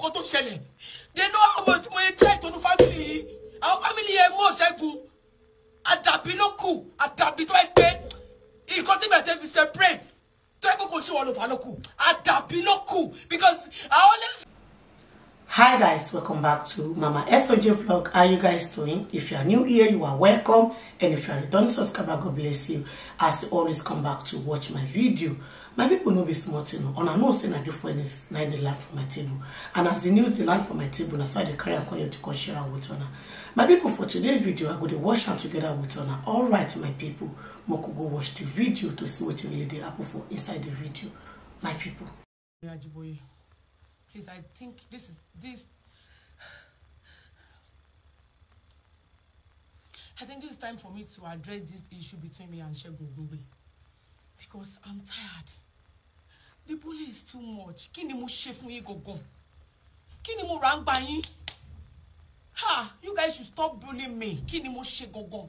kókó tó ṣẹlẹ̀ they know how much mo ye try tonu family yìí àwọn family yẹn mú ọ̀ṣẹ́gun àdàbí ló kù àdàbí tó ẹ pé nǹkan tí gbàtẹ́ fi separate tó ẹ pé kò ṣe wọn ló fà ló kù àdàbí ló kù because àwọn lè hi guys welcome back to mama soj vlog how are you guys doing if you are new here you are welcome and if you are a returning subscriber god bless you as you always come back to watch my video my people no be small thing and i know saying na different is na dey land for my table and as the news they land for my table That's why i dey carry am come here to come share am with una my people for today's video i go to watch am together with una all right my people moko go watch the video to see what you really dey happen for inside the video my people. Please, I think this is this. I think it's time for me to address this issue between me and Segun Ogungbe because I'm tired. The bully is too much. Kini ni mo ṣe fún yín gangan? Kí ni mo ra ń Ha! You guys should stop bullying me. Kini ni mo ṣe gangan?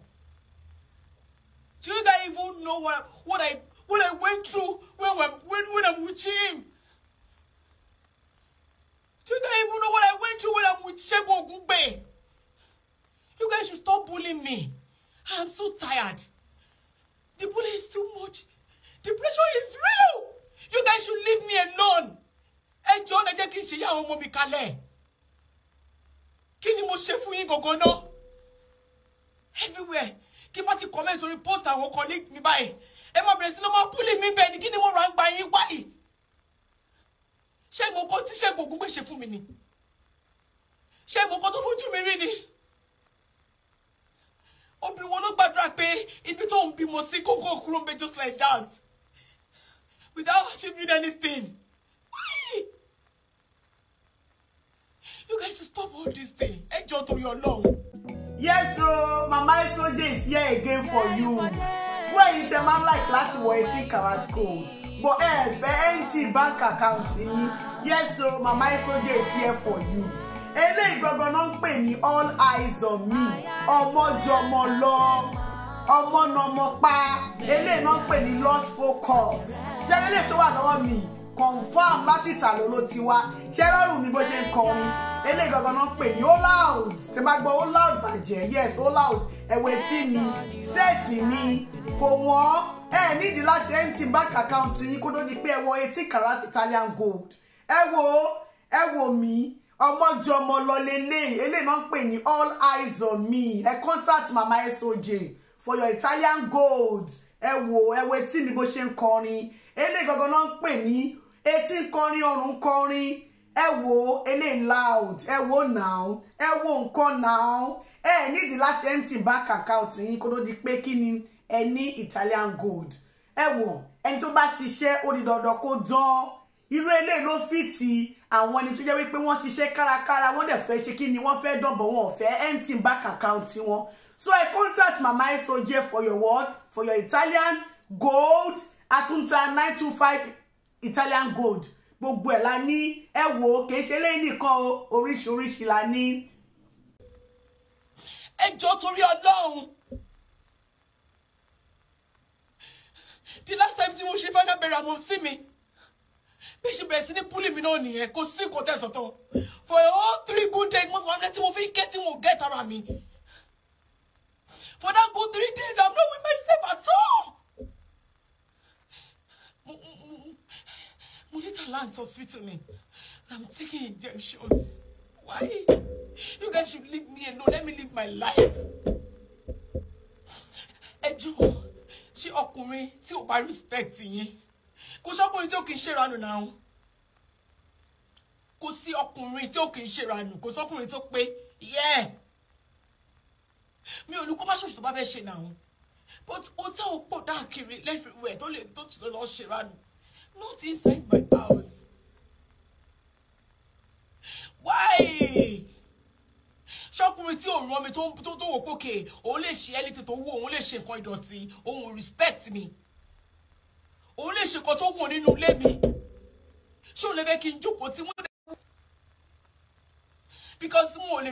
Do you guys even know what what I what I went through when when when I'm with him? You don't even know what I went through when I'm with Segun Ogungbe. You guys should stop bullying me. I'm so tired. The bullying is too much. The pressure is real. You guys should leave me alone. Ẹ John, I just can't n ṣe yá àwọn ọmọ mi kalẹ̀. Kí ni mo ṣe fún yín gangan náà? Everywhere kí n má ti comment orí post àwọn colleague mi báyìí. Ẹ má bẹ̀rẹ̀ sí ló máa bully mi bẹ́ẹ̀ ni kí ni mo ra ń gba yín wáyìí ṣé mo kọ́ tí Ṣẹ́gun Ògúngbè ṣe fún mi ni ṣé mo kọ́ tó fojú mi rí ni obìnrin wọn ló gbàdúrà pé ibi tó ń bímọ sí kókó òkúrò ń bẹ just like that without achieving anything why you guys should stop all this thing ẹ jọ torí Ọlọ́run. yes o mama esoje is here again for you fún ẹ̀yin tẹ́ máa ń like láti wọ etí karat gold but ẹ fẹ́ nt bank account yín yes o mama Soja is here for you eléyìí gangan náà ń pè ní all eyes on me ọmọjọmọ lọ ọmọnàmọ pa eléyìí náà ń pè ní lost focus ṣé eléyìí tó wà lọ́wọ́ mi confam láti ìtàló ló ti wá ṣé lọ́rùn mi bó ṣe ń kọrin eléyìí gangan náà ń pè ní All loud tí máa gbọ́ all loud bàjẹ́ yes all loud ẹ̀wẹ̀ tí mi sẹ́ẹ̀tì mi kò wọ́n ẹ̀ nídìí láti empty bank account yín kó tó di pé ẹ wọ eighty karat Italian gold ẹ wo ẹ wò mí ọmọjọmọ lọlélẹ eléyìí náà ń pè ní all eyes on me ẹ contact mama soj for your italian gold ẹ wo ẹ wo etí mi bó ṣe ń kọrin eléyìí gangan náà ń pè ní etí ń kọrin ọrùn kọrin ẹ wo eléyìí loud ẹ wo now ẹ wo nǹkan now ẹ nídìí láti empty bank account yín kó tó di pé kí ni ẹ ní italian gold ẹ wọ̀n ẹni tó bá ṣiṣẹ́ ó di dandan kó dán irú eléyìí ló fìtì àwọn ẹni tó jẹ́ wípé wọ́n ṣiṣẹ́ kárakára wọ́n dẹ̀ fẹ́ ṣe kí ni wọ́n fẹ́ dọ̀bọ̀ wọn ò fẹ́ empty bank account wọn so i contact mama soj for your word for your italian gold atunta nine two five italian gold gbogbo ẹ̀ la ní ẹ wò kì í ṣe lẹ́yìn nìkan oríṣiríṣi la ní. ẹ jọ torí ọlọ́run the last time tí mo ṣe fẹ́ náà bẹ̀rẹ̀ àmọ́ sí mi bí ṣe bẹ̀rẹ̀ sí ní búlì mi náà nìyẹn kò sí kò tẹ̀sán tán for all three good days mo fọ àwọn tí mo fi ké tí mo gẹ̀ tara mi for that good three days i'm not with myself at all. mo later land hospital ni i'm taking injection why you guys should leave me alone let me live my life. ẹ jọ̀ọ́ ṣé ọkùnrin tí ò bá respect yín kò sọkùnrin tí ó kì í ṣèranù náà kò sí ọkùnrin tí ó kì í ṣèranù kò sọkùnrin tó pé yẹ mi ò ní kó má ṣòṣù tó bá fẹ́ ṣe náà but ó tẹ́ ò pọ̀ dáàkiri lẹ́fìwẹ̀ tó lè tó tìlọ́ lọ́ọ́ ṣèranù not inside my house why ṣọkùnrin tí òun rán mi tó wò pókè òun lè ṣe ẹni tó wù òun lè ṣe nǹkan ìdọ̀tí òun respect mi òun lè ṣe kan tó wù nínú ilé mi ṣé òun lè fẹ́ kí n jókòó tí mo dẹ̀ wù because mo lè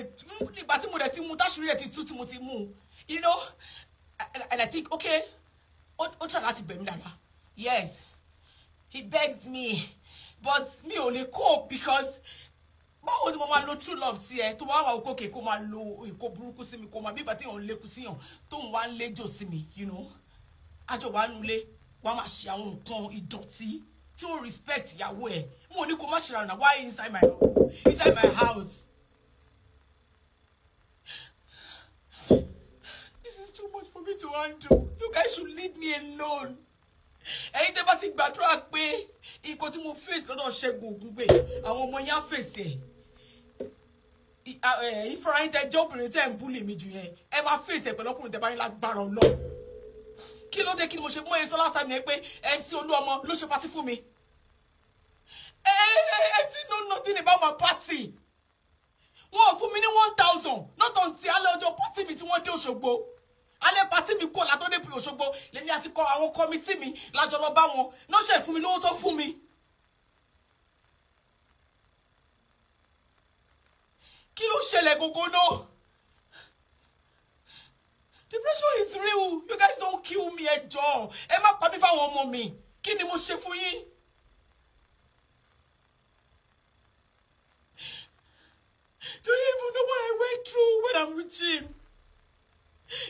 nígbà tí mo dẹ̀ ti mu táṣírí rẹ̀ ti tú tí mo ti mu you know and, I think okay ó try láti bẹ̀ mí dára yes he begged me but mi ò lè cope because báwo ni mo máa lo true love sí ẹ tó wá wà òkòkè kó máa lo nǹkan burúkú sí mi kó máa bí ìgbà téèyàn ń lékun síyàn tóun wá ń léjò sí mi you know àjọ wà ń nulẹ̀ wọ́n máa ṣe àwọn nǹkan ìdọ̀tí tí ó respect ìyàwó ẹ̀ mo ní kó má ṣe rànà why inside my inside my house. this is too much for me to handle you guys should leave me alone. ẹ̀yin tẹ́ bá ti gbàdúrà pé nǹkan tí mo face lọ́dọ̀ Ṣẹ́gun Ògúngbè àwọn ọmọ yẹn á fèsì ẹ̀ ìfọ̀rọ̀ ayé tẹ́ jẹ́ obìnrin tẹ́ ń bú lèmi jù yẹn ẹ máa fèsì ẹ̀ pẹ̀lú ọkùnrin tẹ́ bá yín lágbára Ọlọ́run kí ló dé kí ni mo ṣe mú ẹyin sọ last time yẹn pé MC Olúọmọ ló ṣe party fún mi ẹ ẹ ti know nothing about my party wọn ò fún mi ní one thousand not until alẹ́ ọjọ́ party mi tí wọ́n dé Òṣogbo alẹ́ party mi kò látọ́ dé Òṣogbo lèmi àti àwọn committee mi lájọ lọ bá wọn náà ṣe fún mi lówó tó fún mi. kí ló ṣẹlẹ̀ gógó náà depression is real you guys don't kill me ẹ jọ̀ọ́ ẹ má pa mí fáwọn ọmọ mi kí ni mo ṣe fún yín. do you even know what I went through when I'm with him?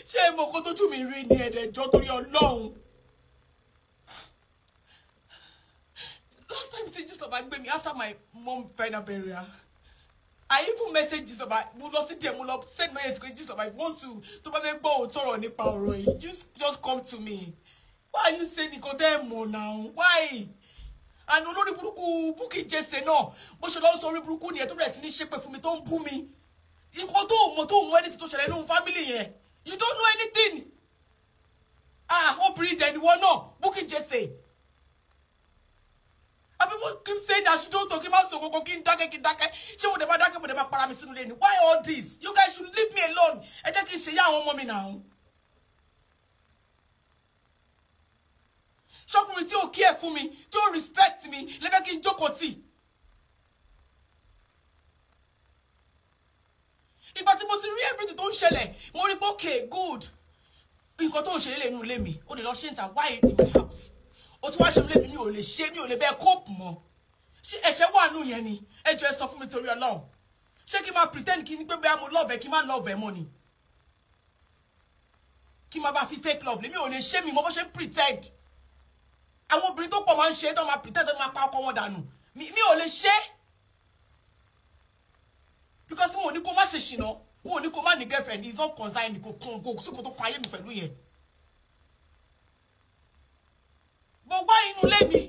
ṣé ẹ mọ nǹkan tójú mi rí ni ẹ̀dẹ̀jọ́ torí ọlọ́run. last time tí jesus baba gbé mi after my mom final burial. I even message Jesus ọba mo lọ sí díẹ̀ mo lọ my message pé Jesus ọba want to to bá fẹ́ gbọ́ òótọ́ ọ̀rọ̀ nípa ọ̀rọ̀ just just come to me why you say nìkan tẹ́ ẹ̀ mọ̀ why and olórí burúkú Bukky Jesse náà bó ṣe lọ sọ orí burúkú nìyẹn tó bẹ̀rẹ̀ sí ní ṣépè fún mi tó ń bú mi nǹkan tó mọ̀ tó mọ̀ ẹni tó ṣẹlẹ̀ nínú family yẹn you don't know anything ah obìnrin dẹ̀ ni wọ́n náà Bukky people keep saying I should don't talk about so koko kin dákẹ́ kin dákẹ́ ṣé mo dẹ̀ máa dákẹ́ mo para mi sínú ilé ni why all this you guys should leave me alone ẹ jẹ́ kí n ṣe yá àwọn ọmọ mi náà. ṣọkùnrin care for me, ẹ̀ fún respect me. lẹ́fẹ̀ẹ́ kí n jókòó tì. ìgbà tí mo ti rí everything tó ń ṣẹlẹ̀ mo rí bókè good nǹkan tó ń ṣe lélẹ̀ inú ilé mi ó lè lọ ṣe why in my house ó tún wá ṣe mí lébi mi ò lè ṣe mi ò lè bẹ́ẹ̀ kóòpù mọ́ ṣé ẹ̀ṣẹ̀ wà nù yẹn ni ẹ jọ ẹ sọ fún mi torí ọlọ́run ṣé kí n máa pretend kí n pé bẹ́ẹ̀ mo love ẹ kí n má love ẹ mọ́ ni kí n máa bá fi fake love lèmi ò lè ṣe mi mo bó ṣe ń pretend àwọn obìnrin tó pọ̀ máa ń ṣe tó máa pretend tó máa pa ọkọ wọn dànù mi ò lè ṣe because mo ò ní kó má ṣe ṣìnà mo ò ní kó má ní girlfriend is not concerned kò kàn kò sí kò tó kan ayé mi pẹ̀lú yẹn. mo wá inú ilé mi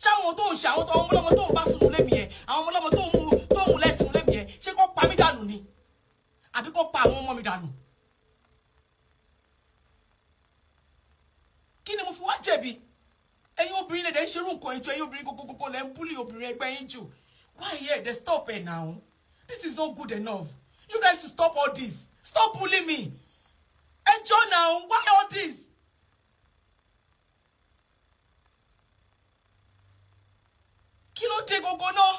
ṣé àwọn tó ń ṣe àwọn ọmọlọ́mọ tó ń bá sùn lé mi yẹn àwọn ọmọlọ́mọ tó ń mú tó ń múlẹ̀ sùn lé mi yẹn ṣé kó pa mí dànù ni àbí kó pa àwọn ọmọ mi dànù. kí ni mo fi wá jẹ̀bi ẹ̀yin obìnrin lè dẹ̀ ń ṣerú nǹkan ètò ẹ̀yin obìnrin kókókókó lẹ́ ń búlì obìnrin ẹgbẹ́ yín jù why here dey stop ẹ̀ now this is not good enough you guys should stop all this stop bullying me enjoy now why all this. kí ló dé gógó náà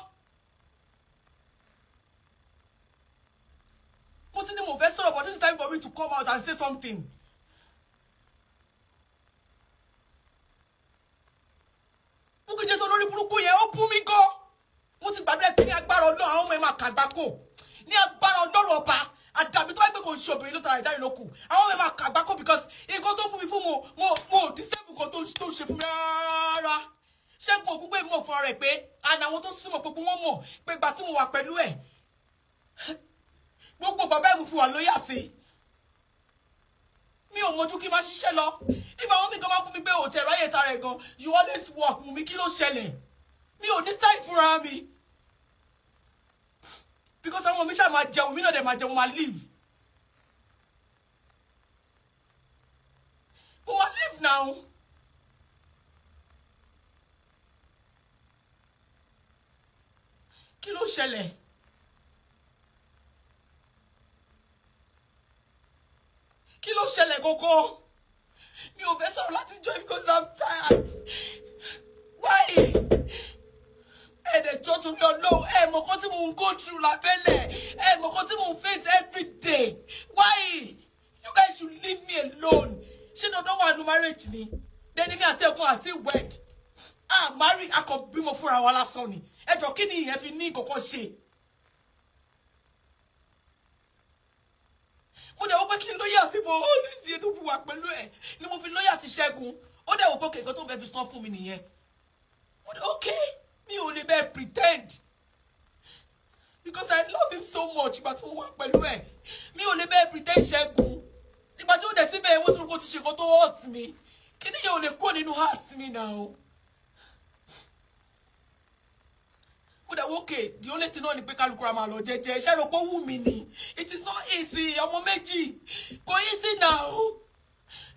mo ti ní mo fẹ́ sọ̀rọ̀ but this is time for me to come out and say something. bukú jésù olórí burúkú yẹn ó bú mi gan mo ti gbàdúrà pé ní agbára ọlọ́run àwọn ọmọ ẹ̀ máa kàgbákò ní agbára ọlọ́run ọba àdàbí tó bá gbé kò ń ṣe obìnrin ló tara ìdáyìí ló kù àwọn ọmọ ẹ̀ máa kàgbákò because nǹkan tó ń bú mi fún mo mo mo disturb nǹkan tó ń ṣe fún mi rárá ṣẹ́gun ògúngbè mọ̀ fún ọ̀rẹ́ pé àná àwọn tó súnmọ́ gbogbo wọn mọ̀ pé ìgbà tí mo wà pẹ̀lú ẹ̀ gbogbo bàbá ẹ̀ mo fi wà lóyà sí mi ò mọ̀jú kí n máa ṣiṣẹ́ lọ nígbà wọn mi kan máa kú mi pé òtẹ̀ ráyè tara ẹ̀ gan you always work wù mí kí ló ṣẹlẹ̀ mi ò ní time fúnra mi because àwọn mi ṣáà máa jẹun mi náà dẹ̀ máa jẹun máa leave mo máa leave now. kí ló ṣẹlẹ̀. kí ló ṣẹlẹ̀ kókó mi ò fẹ́ sọ̀rọ̀ láti join because i'm tired why ẹ̀ẹ́dẹ̀ jọ torí ọlọ́run ẹ̀ mọ̀ kó tí mò ń go through lábẹ́lẹ̀ ẹ̀ mọ̀ kó tí mò ń face every day why you guys should leave me alone ṣé dandan wà nù marriage ni dẹ́ni mi àti ẹ̀kọ́ àti wed ah marry akọ bímọ fúnra wa lásán ni ẹjọ́ kí ni ìyẹn fi ní kọ̀kọ́ ṣe. mo dẹ̀ wọ́n pé kí n lóyà sí fún ní ti ètò fún wa pẹ̀lú ẹ̀ ni mo fi lóyà ti ṣẹ́gun ó dẹ̀ wọ́n pé kẹ̀kọ́ tó ń fẹ́ fi san fún mi nìyẹn. mo dẹ̀ ok mi ò lè bẹ́ẹ̀ pretend because I love him so much ìgbà tí mo wà pẹ̀lú ẹ̀ mi ò lè bẹ́ẹ̀ pretend ṣẹ́gun ìgbà tí ó dẹ̀ síbẹ̀ wọ́n ti mú kó tó hurt mi kí ni yẹn ò lè kúrò nínú heart mi náà okay the only thing náà ni pé kálukú ra máa lọ jẹ́jẹ́ iṣẹ́ rògbò wù mí ni it is not easy ọmọ méjì kò easy now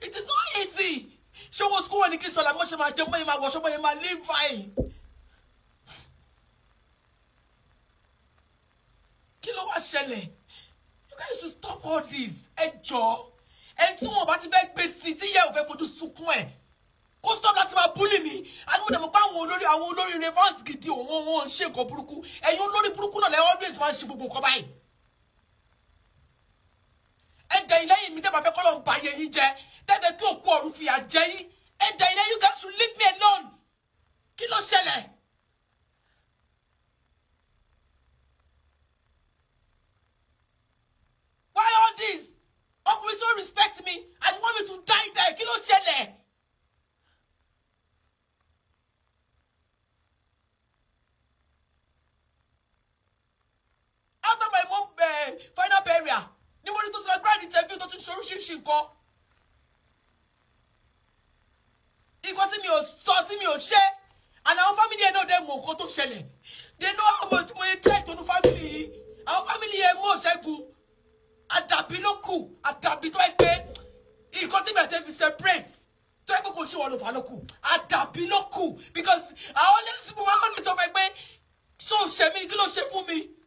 it is not easy ṣọwọ́ sukúrò ní kí n sọ̀rọ̀ àmọ́ ṣe máa jẹ́ mọ́ yẹn máa wọṣọ́ mọ́ yẹn máa live fine. kí ló wá ṣẹlẹ̀ you guys should stop all this ẹ jọ ẹni tí wọn bá ti fẹ́ gbèsè tí yẹ ò fẹ́ fojú sunkún ẹ̀ kó stop láti máa búlì mi àti mo dẹ̀ mọ̀ pé àwọn olórí àwọn olórí revans gidi òun òun ń ṣe nǹkan burúkú ẹ̀yin olórí burúkú náà lẹ́yìn always máa ń ṣe gbogbo nǹkan báyìí ẹ dẹ̀yìn lẹ́yìn mi tẹ́bàá fẹ́ kọ́ ló ń ba ayé yín jẹ tẹ́bàá kí òkú ọ̀run fìyà jẹ yín ẹ dẹ̀yìn lẹ́yìn you guys should leave me alone kí ló ṣẹlẹ̀. nǹkan nǹkan tí mi ò sọ tí mi ò ṣe and àwọn family yẹn náà dé mọ nǹkan tó ṣẹlẹ̀ they know how much mo ye try to nu family yìí àwọn family yẹn mú òṣègùn àdàbí ló kù àdàbí tó ẹ pé nǹkan tí mi àti ẹ fi separate tó ẹ pé kò ṣe wọn ló fà ló àdàbí ló kù because àwọn lẹ́sìn mo máa ń lè sọ fún ẹ pé ṣé o ṣe mí kí ló ṣe fún mi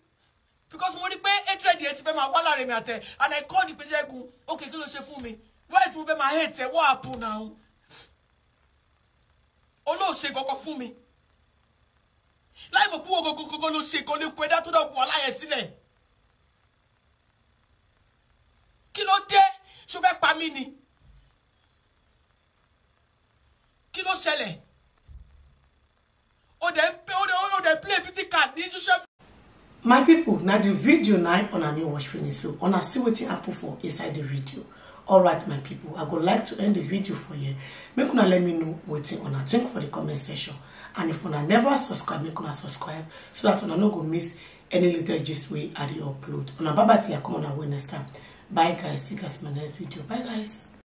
because mo rí pé hatred yẹn ti fẹ́ máa wá láàrin mi àtẹ and I call the patient kun okay kí ló ṣe fún mi why ti mo fẹ́ máa hate ẹ what happen now olóòṣe kọ̀ọ̀kan fún mi láì mọ̀ púwọ́ gọ́gọ́gọ́ ló ṣe kan lẹ́kọ̀ọ́ ẹ̀dá tó dọ̀bù wà láyẹ̀ sílẹ̀ kí ló dé ṣó fẹ́ pa mí ni kí ló ṣẹlẹ̀ ó dẹ̀ ń pé my people, now the video night on a new watch finish so on a see what wetin happen for inside the video All right, my people, i go like to end the video for you. make una let me know what on una think for the comment section and if una never subscribe make una subscribe so dat una no go miss any latest gist way i dey upload una bye bye till i come on our Wednesday. bye guys see you guys in my next video bye guys